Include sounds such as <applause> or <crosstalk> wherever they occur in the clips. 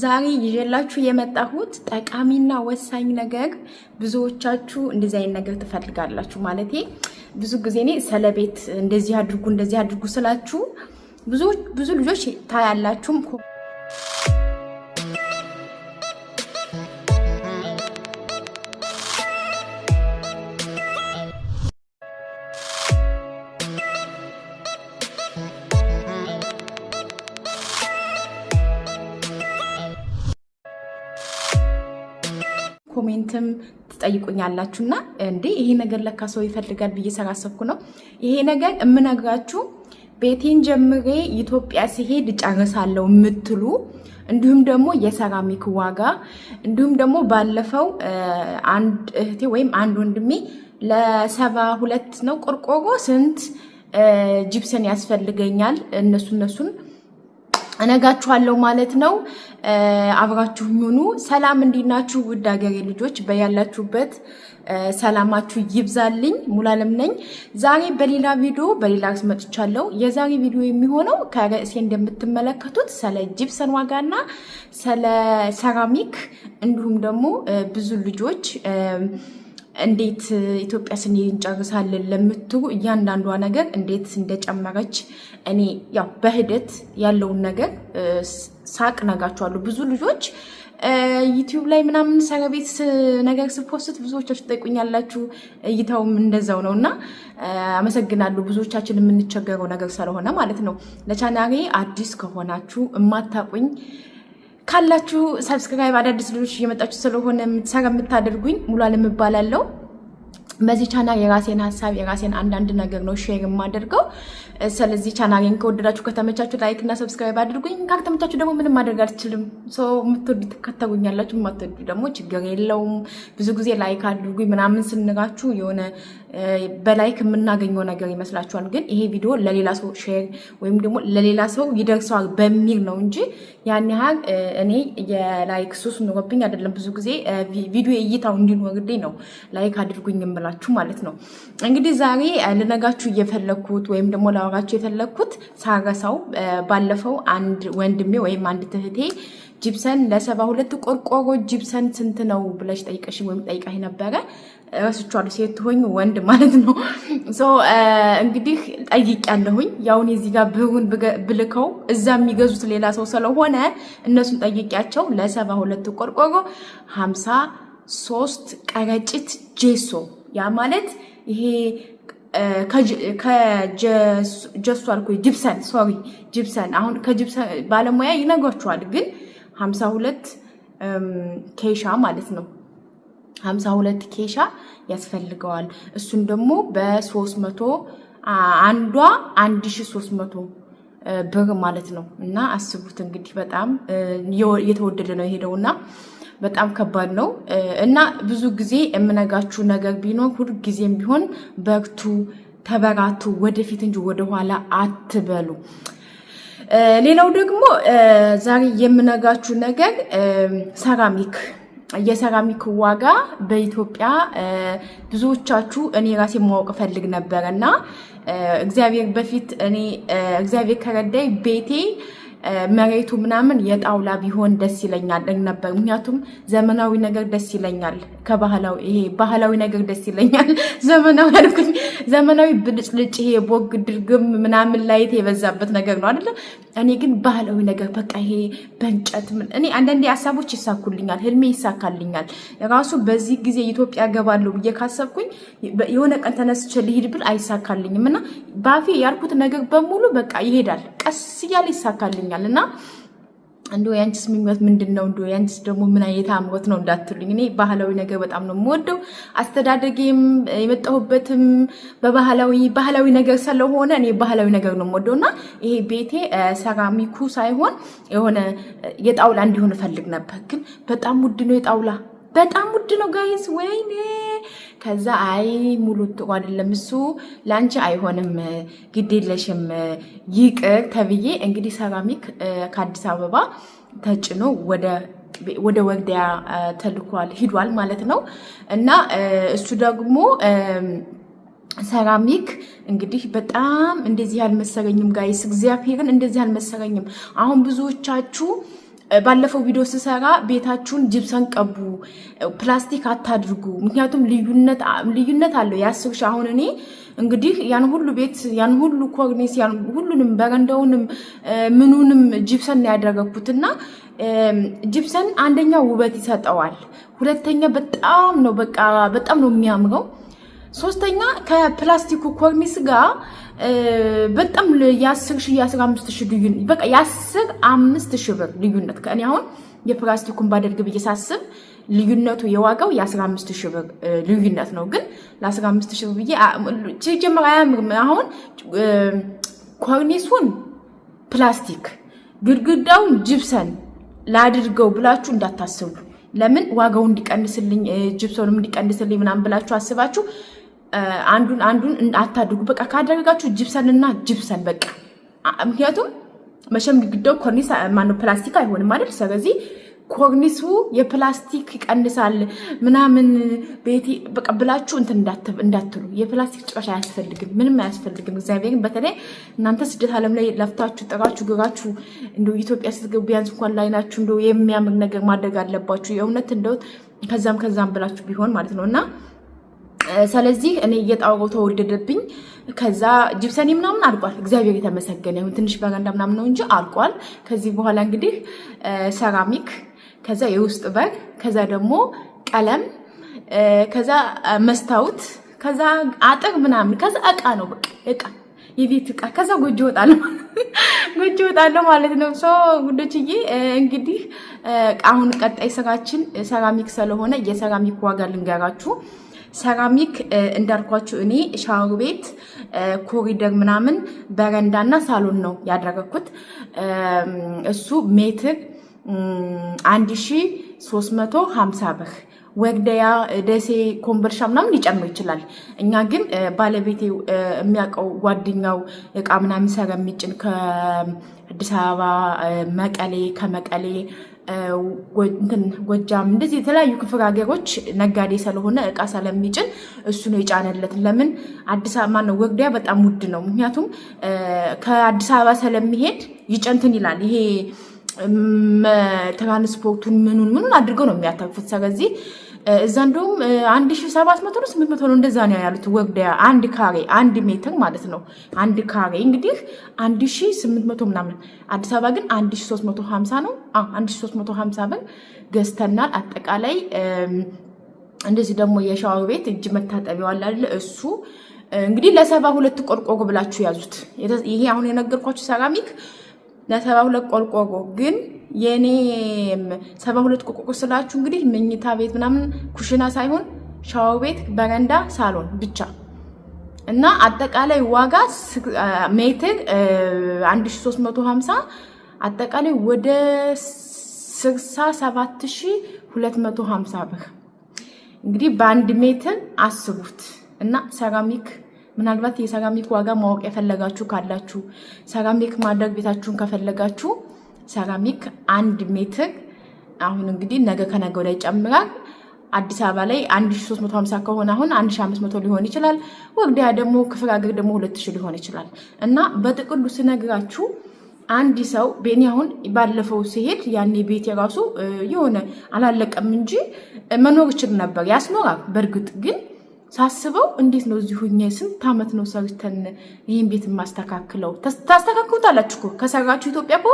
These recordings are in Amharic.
ዛሬ ይዤላችሁ የመጣሁት ጠቃሚና ወሳኝ ነገር፣ ብዙዎቻችሁ እንደዚህ አይነት ነገር ትፈልጋላችሁ። ማለቴ ብዙ ጊዜ እኔ ሰለቤት እንደዚህ አድርጉ እንደዚህ አድርጉ ስላችሁ ብዙ ልጆች ታያላችሁም በኮሜንትም ትጠይቁኛላችሁ እና እንዴ ይሄ ነገር ለካ ሰው ይፈልጋል ብዬ ሰራሰብኩ ነው ይሄ ነገር የምነግራችሁ። ቤቴን ጀምሬ ኢትዮጵያ ሲሄድ ጨርሳለሁ የምትሉ እንዲሁም ደግሞ የሰራሚክ ዋጋ እንዲሁም ደግሞ ባለፈው አንድ እህቴ ወይም አንድ ወንድሜ ለሰባ ሁለት ነው ቆርቆሮ ስንት ጂፕሰን ያስፈልገኛል እነሱ እነሱን እነጋችኋለሁ ማለት ነው። አብራችሁ ሆኑ ሰላም እንዲናችሁ ውድ ሀገሬ ልጆች በያላችሁበት ሰላማችሁ ይብዛልኝ። ሙላለም ነኝ። ዛሬ በሌላ ቪዲዮ በሌላ ርዕስ መጥቻለሁ። የዛሬ ቪዲዮ የሚሆነው ከርዕሴ እንደምትመለከቱት ስለ ጂፕሰን ዋጋና ስለ ሰራሚክ እንዲሁም ደግሞ ብዙ ልጆች እንዴት ኢትዮጵያ ስኒ እንጨርሳለን ለምትሉ እያንዳንዷ ነገር እንዴት እንደጨመረች እኔ ያው በሂደት ያለውን ነገር ሳቅ ነግራችኋለሁ። ብዙ ልጆች ዩቲዩብ ላይ ምናምን ሰረቤት ነገር ስፖስት ብዙዎቻችሁ ትጠይቁኛላችሁ። እይታውም እንደዛው ነው እና አመሰግናለሁ። ብዙዎቻችን የምንቸገረው ነገር ስለሆነ ማለት ነው። ለቻናሬ አዲስ ከሆናችሁ እማታቁኝ ካላችሁ ሰብስክራይብ አዳዲስ ልጆች እየመጣችሁ ስለሆነ የምታደርጉኝ ሙሉ አለም እባላለሁ። በዚህ ቻናል የራሴን ሀሳብ የራሴን አንዳንድ ነገር ነው ሼር የማደርገው። ስለዚህ ቻናሌን ከወደዳችሁ ከተመቻችሁ ላይክ እና ሰብስክራይብ አድርጉኝ። ካልተመቻችሁ ደግሞ ምንም ማድረግ አልችልም። ሰው የምትወዱ ትከተሉኛላችሁ፣ የማትወዱ ደግሞ ችግር የለውም። ብዙ ጊዜ ላይክ አድርጉኝ ምናምን ስንራችሁ የሆነ በላይክ የምናገኘው ነገር ይመስላችኋል። ግን ይሄ ቪዲዮ ለሌላ ሰው ሼር ወይም ደግሞ ለሌላ ሰው ይደርሰዋል በሚል ነው እንጂ ያን ያህል እኔ የላይክ ሱስ ኑሮብኝ አይደለም። ብዙ ጊዜ ቪዲዮ እይታው እንዲኖርልኝ ነው ላይክ አድርጉኝ ብላ ትችላላችሁ ማለት ነው። እንግዲህ ዛሬ ልነጋችሁ እየፈለግኩት ወይም ደግሞ ላወራችሁ የፈለግኩት ሳረሳው ባለፈው አንድ ወንድሜ ወይም አንድ ትህቴ ጅብሰን ለሰባ ሁለት ቆርቆሮ ጅብሰን ስንት ነው ብለሽ ጠይቀሽ ወይም ጠይቀሽ ነበረ። ረስቼዋለሁ። ሴት ሆኝ ወንድ ማለት ነው። እንግዲህ ጠይቄያለሁኝ። ያውን የዚህ ጋር ብሩን ብልከው እዛ የሚገዙት ሌላ ሰው ስለሆነ እነሱን ጠይቄያቸው ለሰባ ሁለት ቆርቆሮ ሀምሳ ሶስት ቀረጭት ጄሶ ያ ማለት ይሄ ከጀሱ አልኩ ጅብሰን ሶሪ ጅብሰን አሁን ከጅብሰን ባለሙያ ይነግሯችኋል። ግን ሀምሳ ሁለት ኬሻ ማለት ነው ሀምሳ ሁለት ኬሻ ያስፈልገዋል። እሱን ደግሞ በሶስት መቶ አንዷ አንድ ሺ ሶስት መቶ ብር ማለት ነው እና አስቡት እንግዲህ በጣም የተወደደ ነው የሄደውና በጣም ከባድ ነው እና ብዙ ጊዜ የምነጋችሁ ነገር ቢኖር ሁልጊዜም ቢሆን በርቱ፣ ተበራቱ፣ ወደፊት እንጂ ወደኋላ አትበሉ። ሌላው ደግሞ ዛሬ የምነጋችሁ ነገር ሰራሚክ የሰራሚክ ዋጋ በኢትዮጵያ ብዙዎቻችሁ እኔ ራሴ ማወቅ ፈልግ ነበረ እና እግዚአብሔር በፊት እኔ እግዚአብሔር ከረዳይ ቤቴ መሬቱ ምናምን የጣውላ ቢሆን ደስ ይለኛል ነበር። ምክንያቱም ዘመናዊ ነገር ደስ ይለኛል ከባህላዊ ይሄ ባህላዊ ነገር ደስ ይለኛል። <laughs> ዘመናዊ አልኩኝ። ዘመናዊ ብልጭልጭ ይሄ ቦግ ድርግም ምናምን ላይት የበዛበት ነገር ነው አይደለ? እኔ ግን ባህላዊ ነገር በቃ ይሄ በእንጨት ምን እኔ አንዳንዴ ሀሳቦች ይሳኩልኛል፣ ህልሜ ይሳካልኛል። ራሱ በዚህ ጊዜ ኢትዮጵያ ገባለሁ ብዬ ካሰብኩኝ የሆነ ቀን ተነስቼ ልሂድ ብል አይሳካልኝም እና ባፌ ያልኩት ነገር በሙሉ በቃ ይሄዳል፣ ቀስ እያለ ይሳካልኛል እና እንዶ ያንቺስ ምኞት ምንድን ነው? እንዶ ያንቺስ ደግሞ ምን አይነት አምሮት ነው እንዳትሉኝ። እኔ ባህላዊ ነገር በጣም ነው የምወደው። አስተዳደጌም የመጣሁበትም በባህላዊ ባህላዊ ነገር ስለሆነ እኔ ባህላዊ ነገር ነው የምወደው እና ይሄ ቤቴ ሰራሚኩ ሳይሆን የሆነ የጣውላ እንዲሆን እፈልግ ነበር፣ ግን በጣም ውድ ነው የጣውላ በጣም ውድ ነው ጋይስ፣ ወይኔ። ከዛ አይ ሙሉ አይደለም እሱ ለአንቺ አይሆንም፣ ግዴለሽም ይቅር ተብዬ እንግዲህ ሰራሚክ ከአዲስ አበባ ተጭኖ ወደ ወደ ወግዲያ ተልኳል ሂዷል ማለት ነው። እና እሱ ደግሞ ሰራሚክ እንግዲህ በጣም እንደዚህ አልመሰረኝም ጋይስ፣ እግዚአብሔርን እንደዚህ አልመሰረኝም። አሁን ብዙዎቻችሁ ባለፈው ቪዲዮ ስሰራ ቤታችሁን ጅብሰን ቀቡ፣ ፕላስቲክ አታድርጉ። ምክንያቱም ልዩነት አለው የአስር አሁን እኔ እንግዲህ ያን ሁሉ ቤት ያን ሁሉ ኮርኒስ ሁሉንም በረንዳውንም ምኑንም ጅብሰን ያደረግኩት እና ጅብሰን አንደኛ ውበት ይሰጠዋል፣ ሁለተኛ በጣም ነው በቃ በጣም ነው የሚያምረው ሶስተኛ ከፕላስቲኩ ኮርኒስ ጋር በጣም የአስር ሺህ የአስራ አምስት ሺህ ልዩነት በቃ የአስር አምስት ሺህ ብር ልዩነት ከእኔ አሁን የፕላስቲኩን ባደርግ ብዬ ሳስብ ልዩነቱ የዋጋው የ15 ሺህ ብር ልዩነት ነው። ግን ለ15 ሺህ ብር ብዬ ሲጀመር አያምርም። አሁን ኮርኒሱን ፕላስቲክ ግድግዳውን ጅብሰን ላድርገው ብላችሁ እንዳታስቡ። ለምን ዋጋው እንዲቀንስልኝ ጅብሰኑም እንዲቀንስልኝ ምናምን ብላችሁ አስባችሁ አንዱን አንዱን አታድርጉ። በቃ ካደረጋችሁ ጅብሰን እና ጅብሰን በቃ ምክንያቱም መቼም ግድግዳው ኮርኒስ ማነው ፕላስቲክ አይሆንም አይደል? ስለዚህ ኮርኒሱ የፕላስቲክ ይቀንሳል ምናምን ቤቴ በቃ ብላችሁ እንትን እንዳትሉ። የፕላስቲክ ጭራሽ አያስፈልግም፣ ምንም አያስፈልግም። እግዚአብሔርን በተለይ እናንተ ስደት ዓለም ላይ ለፍታችሁ ጥራችሁ ግራችሁ እንደ ኢትዮጵያ ስትገቡ ቢያንስ እንኳን ላይናችሁ እንደ የሚያምር ነገር ማድረግ አለባችሁ። የእውነት እንደው ከዛም ከዛም ብላችሁ ቢሆን ማለት ነው እና ስለዚህ እኔ እየጣወቀው ተወደደብኝ። ከዛ ጅብሰኔ ምናምን አልቋል። እግዚአብሔር የተመሰገነ ይሁን። ትንሽ በረንዳ ምናምን ነው እንጂ አልቋል። ከዚህ በኋላ እንግዲህ ሰራሚክ፣ ከዛ የውስጥ በር፣ ከዛ ደግሞ ቀለም፣ ከዛ መስታወት፣ ከዛ አጥር ምናምን፣ ከዛ እቃ ነው በቃ እቃ የቤት እቃ ከዛ ጎጆ እወጣለሁ ጎጆ እወጣለሁ ማለት ነው። ሶ ጉዶችዬ እንግዲህ አሁን ቀጣይ ስራችን ሰራሚክ ስለሆነ የሰራሚክ ዋጋ ልንገራችሁ። ሰራሚክ እንዳልኳችሁ እኔ ሻወር ቤት፣ ኮሪደር ምናምን፣ በረንዳና ሳሎን ነው ያደረግኩት። እሱ ሜትር 1350 ብር ወግደያ፣ ደሴ፣ ኮምቦልቻ ምናምን ሊጨምር ይችላል። እኛ ግን ባለቤቴ የሚያውቀው ጓደኛው እቃ ምናምን ሴራሚክ የሚጭን ከአዲስ አበባ መቀሌ፣ ከመቀሌ ጎጃም እንደዚህ የተለያዩ ክፍለ ሀገሮች ነጋዴ ስለሆነ እቃ ስለሚጭን እሱ ነው የጫነለት። ለምን አዲስ አበባ ነው ወግዲያ በጣም ውድ ነው። ምክንያቱም ከአዲስ አበባ ስለሚሄድ ይጨንትን ይላል። ይሄ ትራንስፖርቱን ምኑን ምኑን አድርገው ነው የሚያተርፉት። ስለዚህ እዛ እንደውም አንድ ሺ ሰባት መቶ ነው ስምንት መቶ ነው እንደዛ ነው ያሉት። ወግዳ አንድ ካሬ አንድ ሜትር ማለት ነው። አንድ ካሬ እንግዲህ አንድ ሺ ስምንት መቶ ምናምን፣ አዲስ አበባ ግን አንድ ሺ ሶስት መቶ ሀምሳ ነው። አንድ ሺ ሶስት መቶ ሀምሳ ብር ገዝተናል አጠቃላይ። እንደዚህ ደግሞ የሻወር ቤት እጅ መታጠቢያ አለ እሱ እንግዲህ ለሰባ ሁለት ቆርቆሮ ብላችሁ ያዙት። ይሄ አሁን የነገርኳችሁ ሰራሚክ ለሰባ ሁለት ቆልቆቦ ግን የኔ ሰባ ሁለት ቆልቆቦ ስላችሁ እንግዲህ መኝታ ቤት ምናምን ኩሽና ሳይሆን ሻወር ቤት፣ በረንዳ፣ ሳሎን ብቻ እና አጠቃላይ ዋጋ ሜትር 1350 አጠቃላይ ወደ 67250 ብር እንግዲህ በአንድ ሜትር አስቡት እና ሰራሚክ ምናልባት የሰራሚክ ዋጋ ማወቅ የፈለጋችሁ ካላችሁ ሰራሚክ ማድረግ ቤታችሁን ከፈለጋችሁ ሰራሚክ አንድ ሜትር አሁን እንግዲህ ነገ ከነገ ወዲያ ይጨምራል። አዲስ አበባ ላይ 1350 ከሆነ አሁን 1500 ሊሆን ይችላል። ወግዲያ ደግሞ ክፍለ ሀገር ደግሞ 2000 ሊሆን ይችላል። እና በጥቅሉ ስነግራችሁ አንድ ሰው ቤኒ አሁን ባለፈው ሲሄድ ያኔ ቤት የራሱ የሆነ አላለቀም እንጂ መኖር ይችል ነበር። ያስኖራል በእርግጥ ግን ሳስበው እንዴት ነው እዚሁ እኛ ስንት ዓመት ነው ሰርተን ይህን ቤት የማስተካክለው? ታስተካክሉታላችሁ እኮ ከሰራችሁ ኢትዮጵያ እኮ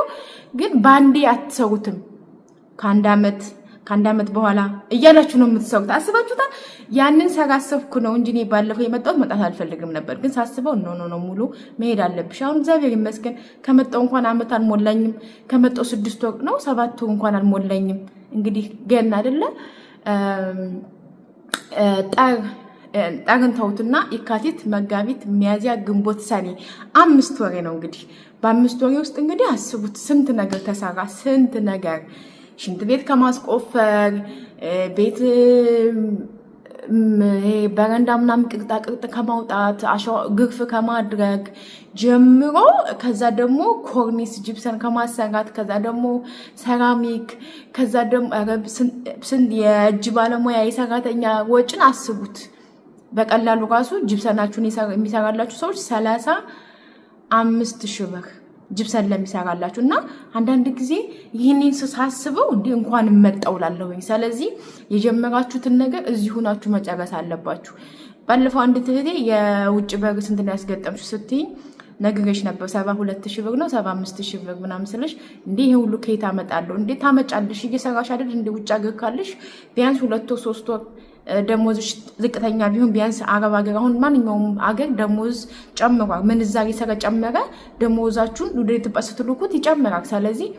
ግን በአንዴ አትሰሩትም። ከአንድ ዓመት ከአንድ ዓመት በኋላ እያላችሁ ነው የምትሰሩት። አስባችሁታል? ያንን ሰራሰብኩ ነው እንጂ እኔ ባለፈው የመጣሁት መጣት አልፈልግም ነበር፣ ግን ሳስበው ኖ ኖ ሙሉ መሄድ አለብሽ። አሁን እግዚአብሔር ይመስገን ከመጣሁ እንኳን ዓመት አልሞላኝም። ከመጣሁ ስድስት ወር ነው ሰባት ወር እንኳን አልሞላኝም። እንግዲህ ገና አይደለ ጠር ጠርንተውትና የካቲት፣ መጋቢት፣ ሚያዚያ፣ ግንቦት፣ ሰኔ አምስት ወሬ ነው እንግዲህ። በአምስት ወሬ ውስጥ እንግዲህ አስቡት ስንት ነገር ተሰራ፣ ስንት ነገር ሽንት ቤት ከማስቆፈር ቤት በረንዳ ምናምን ቅርጣ ቅርጥ ከማውጣት ግርፍ ከማድረግ ጀምሮ ከዛ ደግሞ ኮርኒስ ጅብሰን ከማሰራት ከዛ ደግሞ ሰራሚክ ከዛ ደግሞ የእጅ ባለሙያ የሰራተኛ ወጭን አስቡት። በቀላሉ ራሱ ጅብሰናችሁን የሚሰራላችሁ ሰዎች ሰላሳ አምስት ሺህ ብር ጅብሰን ለሚሰራላችሁ እና አንዳንድ ጊዜ ይህንን ስሳስበው እንዲ እንኳን መጠውላለሁኝ። ስለዚህ የጀመራችሁትን ነገር እዚሁ ናችሁ መጨረስ አለባችሁ። ባለፈው አንድ ትህቴ የውጭ በር ስንት ነው ያስገጠምሽ ስትይኝ ነግሬሽ ነበር። ሰባ ሁለት ሺህ ብር ነው ሰባ አምስት ሺህ ብር ምናምን ስልሽ እንዲህ ይሄ ሁሉ ከየት አመጣለሁ? እንዴ ታመጫለሽ፣ እየሰራሽ አይደል? እንደ ውጭ አገር ካለሽ ቢያንስ ሁለት ወር ሶስት ወር ደሞዝ ዝቅተኛ ቢሆን ቢያንስ አረብ ሀገር አሁን ማንኛውም አገር ደሞዝ ጨምሯል። ምንዛሬ ስለጨመረ ደሞዛችሁን ወደ ኢትዮጵያ ስትልኩት ይጨምራል። ስለዚህ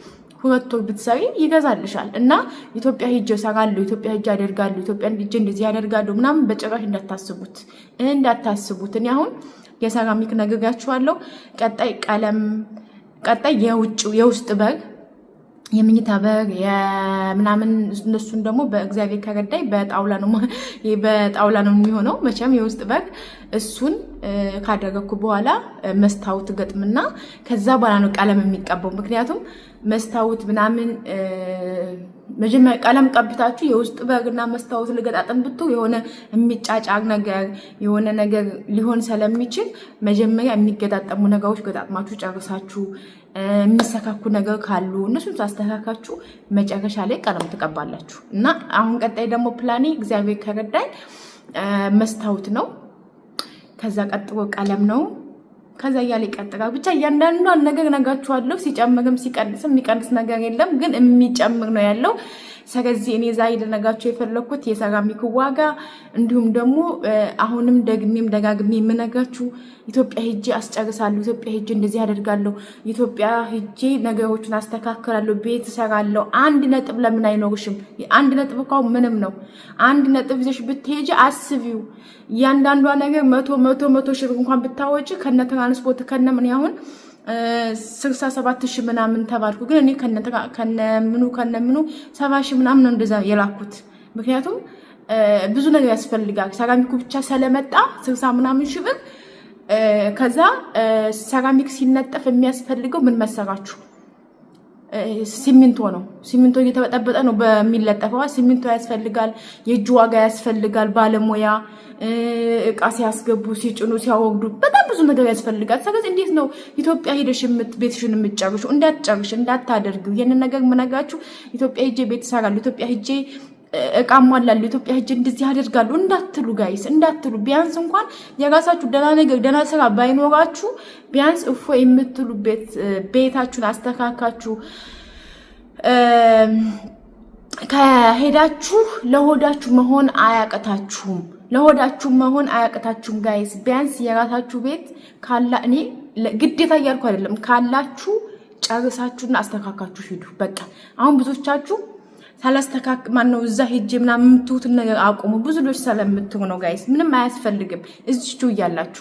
ሁለት ወር ብትሰሪ ይገዛልሻል። እና ኢትዮጵያ ሂጅ እሰራለሁ፣ ኢትዮጵያ ሂጅ አደርጋለሁ፣ ኢትዮጵያ ሂጅ እንደዚህ ያደርጋለሁ ምናምን በጭራሽ እንዳታስቡት እንዳታስቡት። እኔ አሁን የሰራሚክ ነግሬያችኋለሁ። ቀጣይ ቀለም፣ ቀጣይ የውጭ የውስጥ በር የምኝታ በግ ምናምን እነሱን ደግሞ በእግዚአብሔር ከረዳኝ በጣውላ ነው በጣውላ ነው የሚሆነው። መቼም የውስጥ በግ እሱን ካደረግኩ በኋላ መስታወት ገጥምና ከዛ በኋላ ነው ቀለም የሚቀባው። ምክንያቱም መስታወት ምናምን መጀመሪያ ቀለም ቀብታችሁ የውስጥ በርና መስታወት ልገጣጠም ብቶ የሆነ የሚጫጫር ነገር የሆነ ነገር ሊሆን ስለሚችል መጀመሪያ የሚገጣጠሙ ነገሮች ገጣጥማችሁ ጨርሳችሁ የሚሰካኩ ነገር ካሉ እነሱን ሳስተካካችሁ መጨረሻ ላይ ቀለም ትቀባላችሁ እና አሁን ቀጣይ ደግሞ ፕላኔ እግዚአብሔር ከረዳኝ መስታወት ነው። ከዛ ቀጥሎ ቀለም ነው። ከዛ እያለ ይቀጥላል። ብቻ እያንዳንዷን ነገር ነጋችኋለሁ። ሲጨምርም ሲቀንስም የሚቀንስ ነገር የለም፣ ግን የሚጨምር ነው ያለው። ሰገዚ እኔ ዛሬ ልነግራችሁ የፈለግኩት የሴራሚኩ ዋጋ እንዲሁም ደግሞ አሁንም ደግሜም ደጋግሜ የምነጋችሁ ኢትዮጵያ ሄጄ አስጨርሳለሁ፣ ኢትዮጵያ ሄጄ እንደዚህ አደርጋለሁ፣ ኢትዮጵያ ሄጄ ነገሮችን አስተካክላለሁ፣ ቤት እሰራለሁ። አንድ ነጥብ ለምን አይኖርሽም? አንድ ነጥብ እኮ ምንም ነው። አንድ ነጥብ ይዘሽ ብትሄጂ አስቢው። እያንዳንዷ ነገር መቶ መቶ መቶ ሺህ ብር እንኳን ብታወጪ ከነ ትራንስፖርት ከነ ምን ያሁን ስልሳ ሰባት ሺህ ምናምን ተባልኩ። ግን እኔ ከነምኑ ከነምኑ ሰባ ሺህ ምናምን ነው እንደዛ የላኩት። ምክንያቱም ብዙ ነገር ያስፈልጋል። ሰራሚኩ ብቻ ስለመጣ ስልሳ ምናምን ሺህ ብር። ከዛ ሰራሚክ ሲነጠፍ የሚያስፈልገው ምን መሰራችሁ? ሲሚንቶ ነው። ሲሚንቶ እየተበጠበጠ ነው በሚለጠፈዋ። ሲሚንቶ ያስፈልጋል፣ የእጅ ዋጋ ያስፈልጋል፣ ባለሙያ እቃ ሲያስገቡ፣ ሲጭኑ፣ ሲያወግዱ በጣም ብዙ ነገር ያስፈልጋል። ስለዚህ እንዴት ነው ኢትዮጵያ ሄደሽ ቤትሽን የምትጨርሹ? እንዳትጨርሽ፣ እንዳታደርግ ይህንን ነገር የምነግራችሁ ኢትዮጵያ ሄጄ ቤት እሰራለሁ፣ ኢትዮጵያ ሄጄ እቃ እሟላለሁ፣ ኢትዮጵያ ሄጄ እንደዚህ አደርጋለሁ እንዳትሉ ጋይስ፣ እንዳትሉ። ቢያንስ እንኳን የራሳችሁ ደህና ነገር ደህና ስራ ባይኖራችሁ ቢያንስ እፎ የምትሉበት ቤታችሁን አስተካካችሁ ከሄዳችሁ ለሆዳችሁ መሆን አያቅታችሁም። ለሆዳችሁ መሆን አያቅታችሁም ጋይስ። ቢያንስ የራሳችሁ ቤት ካላ እኔ ግዴታ እያልኩ አይደለም፣ ካላችሁ ጨርሳችሁና አስተካካችሁ ሂዱ። በቃ አሁን ብዙዎቻችሁ ሳላስተካክ ማን ነው እዛ ሄጄ ምናምን የምትውትን ነገር አቁሙ። ብዙ ልጆች ስለምትሆነው ጋይስ ምንም አያስፈልግም እዚች እያላችሁ